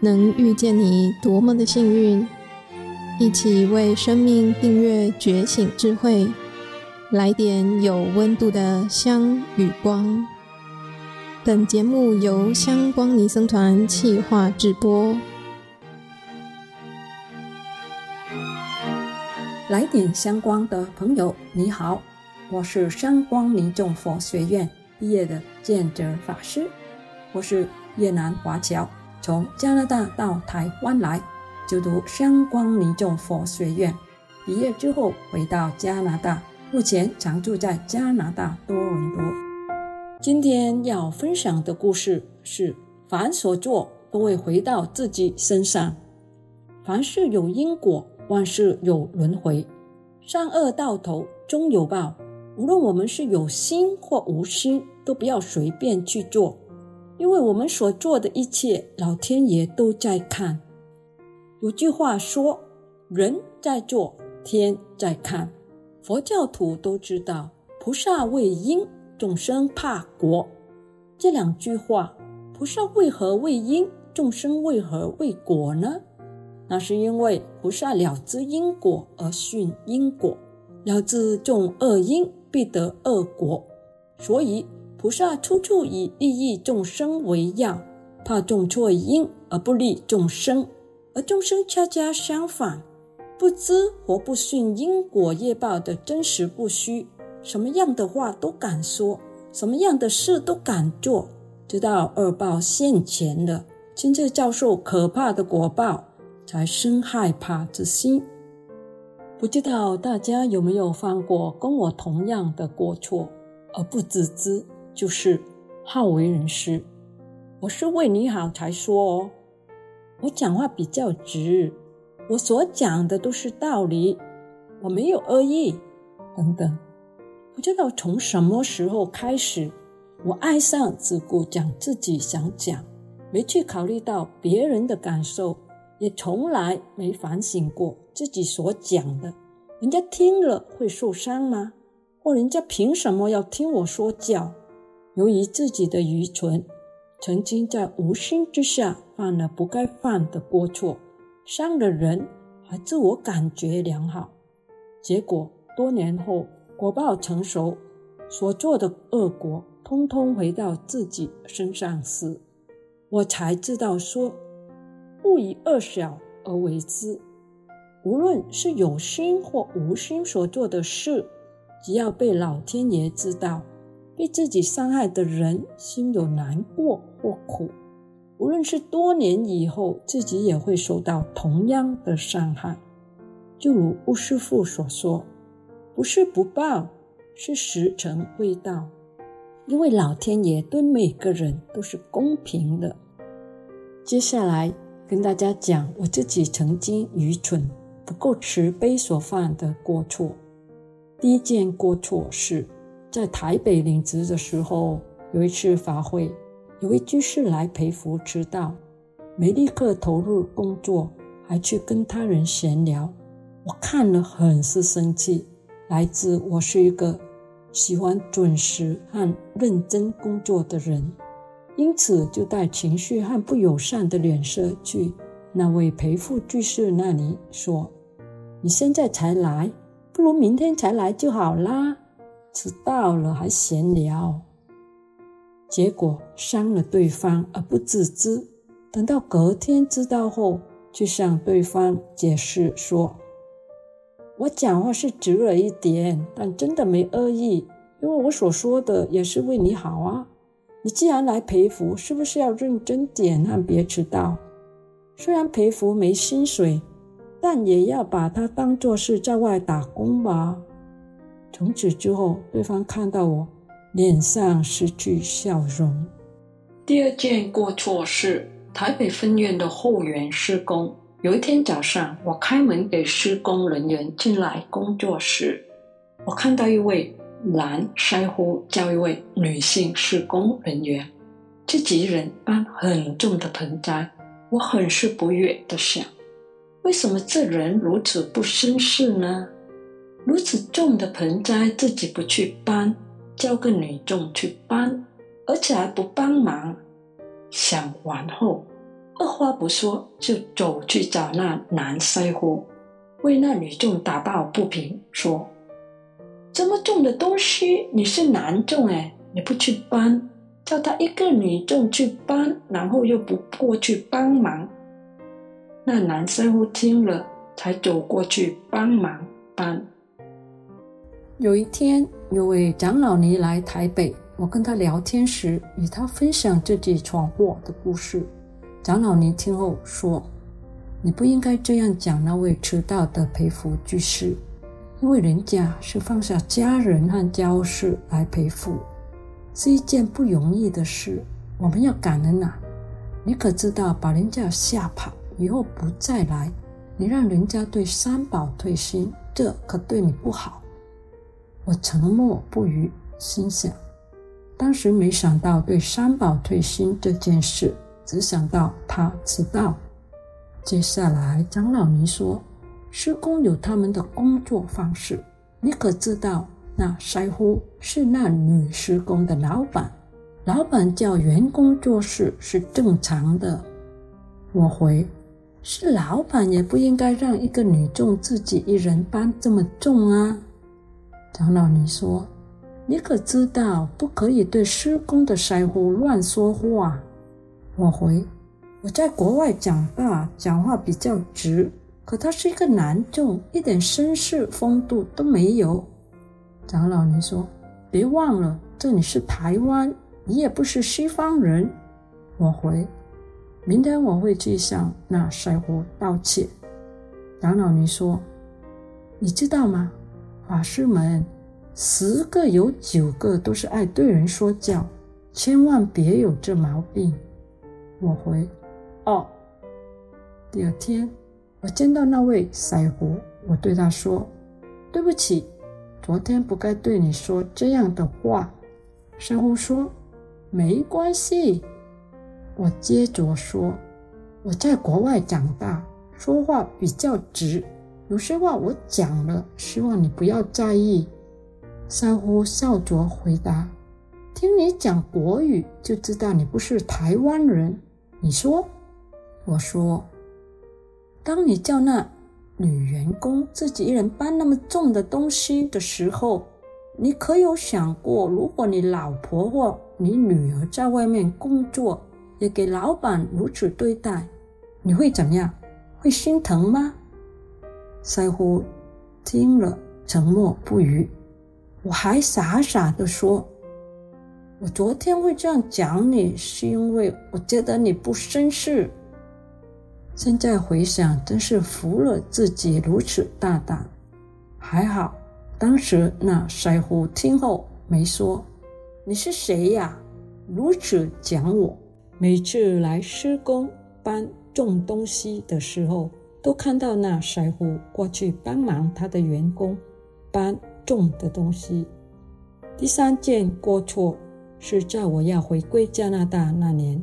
能遇見你，多麼的幸運！一起為生命訂閱覺醒智慧，來點有溫度的香與光。本節目由香光尼僧團企劃製播。來點香光的朋友，你好，我是香光尼眾佛學院畢業的見澤法師，我是越南華僑。從加拿大到台灣來就讀香光尼眾佛學院，畢業之後回到加拿大，目前常住在加拿大多倫多。今天要分享的故事是：凡所做，都會回到自己身上；凡事有因果，萬事有輪回，善惡到頭終有報。無論我們是有心或無心，都不要隨便去做。因為我們所做的一切，老天爺都在看。有句話說：“人在做，天在看。”佛教徒都知道，“菩薩畏因，眾生怕果。”這兩句話，菩薩為何畏因？眾生為何畏果呢？那是因為菩薩了知因果而訓因果，了知種惡因必得惡果，所以。菩薩處處以利益眾生為要，怕種錯因而不利眾生，而眾生恰恰相反，不知或不信因果業報的真實不虛，什麼樣的話都敢說，什麼樣的事都敢做，直到惡報現前了，親自遭受可怕的果報，才生害怕之心。不知道大家有沒有犯過跟我同樣的過錯，而不自知就是好為人師，我是為你好才說哦。我講話比較直，我所講的都是道理，我沒有惡意，等等。不知道從什麼時候開始，我愛上只顧講自己想講，沒去考慮到別人的感受，也從來沒反省過自己所講的，人家聽了會受傷嗎？或人家憑什麼要聽我說教？由於自己的愚蠢，曾經在無心之下犯了不該犯的過錯，傷了人，還自我感覺良好。結果多年後果報成熟，所做的惡果通通回到自己身上時，我才知道說：“勿以惡小而為之。”無論是有心或無心所做的事，只要被老天爺知道。被自己傷害的人心有難過或苦，無論是多年以後，自己也會受到同樣的傷害。就如吳師傅所說：“不是不報，是時辰未到。”因為老天爺對每個人都是公平的。接下來跟大家講我自己曾經愚蠢、不夠慈悲所犯的過錯。第一件過錯是。在台北領執的時候，有一次法會，有一位居士來培福，遲到，沒立刻投入工作，還去跟他人閒聊。我看了很是生氣，來自我是一個喜歡準時和認真工作的人，因此就帶情緒和不友善的臉色去那位培福居士那裡說：“你現在才來，不如明天才來就好啦。”遲到了還閒聊，結果傷了對方而不自知。等到隔天知道後，去向對方解釋說：“我講話是直了一點，但真的沒惡意，因為我所說的也是為你好啊。你既然來培福，是不是要認真點讓別遲到。雖然培福沒薪水，但也要把它當作是在外打工吧。”從此之後，對方看到我，臉上失去笑容。第二件過錯是台北分院的後園施工。有一天早上，我開門給施工人員進來工作時，我看到一位男師傅叫一位女性施工人員，這幾人搬很重的盆栽，我很是不悅的想：為什麼這人如此不紳士呢？如此重的盆栽，自己不去搬，叫個女眾去搬，而且還不幫忙。想完後，二話不說就走去找那男師傅，為那女眾打抱不平，說：“這麼重的東西，你是男眾誒，你不去搬，叫他一個女眾去搬，然後又不過去幫忙。”那男師傅聽了，才走過去幫忙搬。有一天，有位長老尼來台北，我跟他聊天時，與他分享自己闖禍的故事。長老尼聽後說：“你不應該這樣講那位遲到的培福居士，因為人家是放下家人和家事來培福，是一件不容易的事。我們要感恩吶、啊。你可知道把人家嚇跑以後不再來，你讓人家對三寶退心，這可對你不好。”我沉默不語，心想，當時沒想到對三寶退心這件事，只想到他遲到。接下來，長老尼說，施工有他們的工作方式，你可知道？那腮乎是那女施工的老闆，老闆叫員工做事是正常的。我回，是老闆也不應該讓一個女眾自己一人搬這麼重啊。長老，你說，你可知道不可以對施工的師傅亂說話？我回，我在國外長大，講話比較直。可他是一個男眾，一點紳士風度都沒有。長老，您說，別忘了這裡是台灣，你也不是西方人。我回，明天我會去向那師傅道歉。長老，您說，你知道嗎？法師們，十個有九個都是愛對人說教，千萬別有這毛病。我回，哦。第二天，我見到那位賽胡，我對他說：“對不起，昨天不該對你說這樣的話。”賽胡說：“沒關係。”我接着說：“我在國外長大，說話比較直。”有些話我講了，希望你不要在意。三呼笑着回答：“聽你講國語，就知道你不是台灣人。”你說：“我說，當你叫那女員工自己一人搬那麼重的東西的時候，你可有想過，如果你老婆或你女兒在外面工作，也給老板如此對待，你會怎麼樣？會心疼嗎？”賽乎聽了，沉默不語。我還傻傻地說：“我昨天會這樣講你，是因為我覺得你不紳士。”現在回想，真是服了自己如此大膽。還好，當時那賽乎聽後沒說：“你是誰呀，如此講我？”每次來施工搬重東西的時候，都看到那水壺過去幫忙他的員工搬重的東西。第三件過錯是在我要回歸加拿大那年，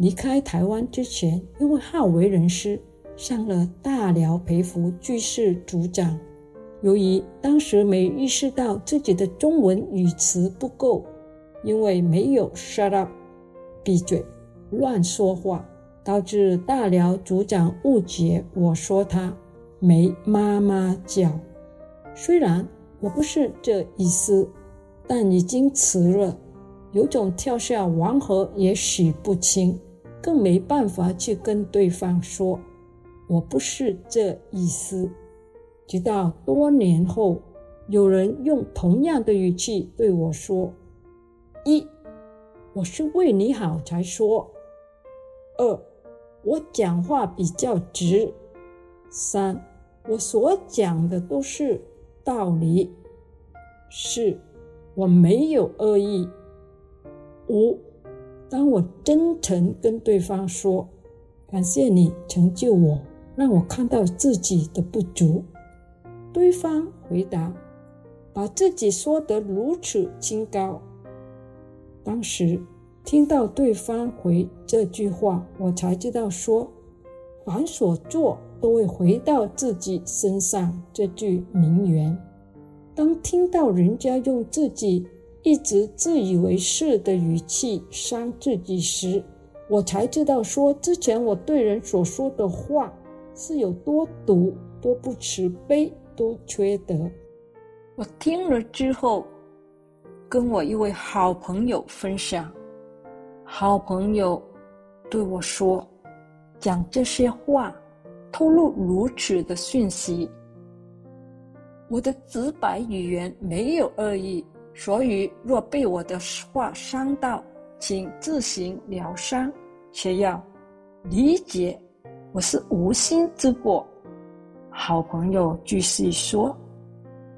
離開台灣之前，因為好為人師，上了大寮培福居士組長。由於當時沒意識到自己的中文語詞不夠，因為沒有 shut up 閉嘴，亂說話。導致大寮組長誤解，我說他沒媽媽教。雖然我不是這意思，但已經遲了，有種跳下黃河也洗不清，更沒辦法去跟對方說我不是這意思。直到多年後，有人用同樣的語氣對我說：“一，我是為你好才說；二。”我講話比較直，三，我所講的都是道理，四，我沒有惡意。五，當我真誠跟對方說：“感謝你成就我，讓我看到自己的不足。”對方回答：“把自己說得如此清高。”當時，聽到對方回這句話，我才知道說，凡所做都會回到自己身上這句名言。當聽到人家用自己一直自以為是的語氣傷自己時，我才知道說，之前我對人所說的話是有多毒、多不慈悲、多缺德。我聽了之後，跟我一位好朋友分享。好朋友對我說：“講這些話，透露如此的訊息，我的直白語言沒有惡意，所以若被我的話傷到，請自行療傷，且要理解，我是無心之過。”好朋友繼續說：“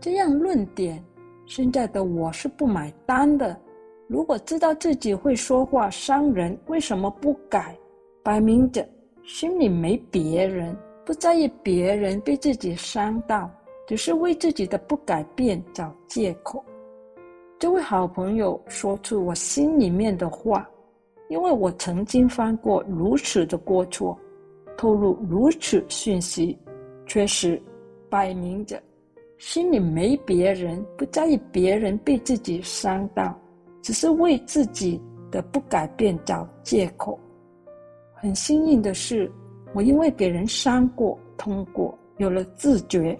這樣論點，現在的我是不買單的。”如果知道自己會說話傷人，為什麼不改？擺明着心裡沒別人，不在意別人被自己傷到，只是為自己的不改變找借口。這位好朋友說出我心裡面的話，因為我曾經犯過如此的過錯，透露如此訊息，確實擺明着心裡沒別人，不在意別人被自己傷到。只是為自己的不改變找借口。很幸運的是，我因為給人傷過、痛過，有了自覺，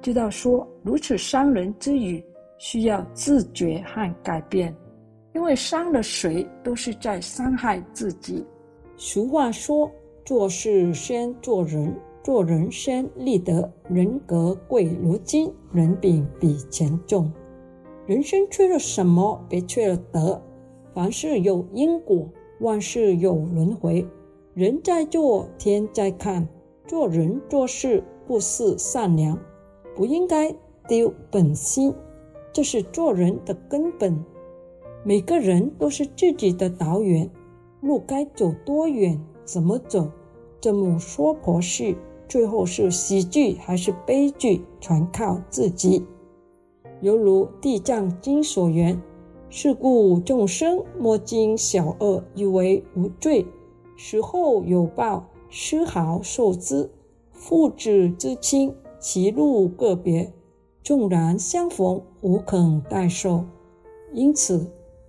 知道說如此傷人之語需要自覺和改變。因為傷了誰，都是在傷害自己。俗話說：“做事先做人，做人先立德。人格貴如金，人品比錢重。”人生缺了什麼？別缺了德。凡事有因果，萬事有輪回。人在做，天在看。做人做事，不失善良，不應該丟本心，這是做人的根本。每個人都是自己的導演，路該走多遠，怎麼走，這麼說婆媳，最後是喜劇還是悲劇，全靠自己。猶如地藏經所言，是故眾生莫輕小惡，以為無罪，死後有報，絲毫受之。父子之親，歧路各別，縱然相逢，無肯代受。因此，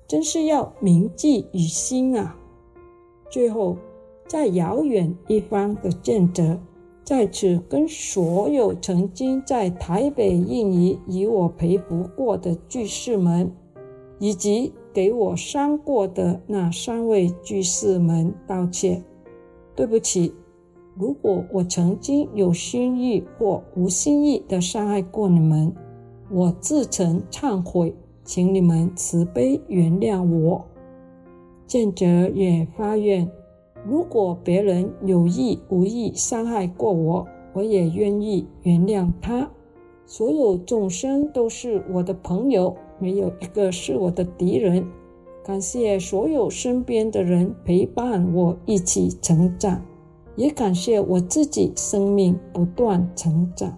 真是要銘記於心啊！最後，在遙遠一方的見者，在此跟所有曾經在台北印尼與我陪讀過的居士們，以及給我傷過的那三位居士們道歉，對不起。如果我曾經有心意或無心意的傷害過你們，我自曾懺悔，請你們慈悲原諒我。見澤也發願。如果別人有意無意傷害過我，我也願意原諒他。所有眾生都是我的朋友，沒有一個是我的敵人。感謝所有身邊的人陪伴我一起成長，也感謝我自己生命不斷成長。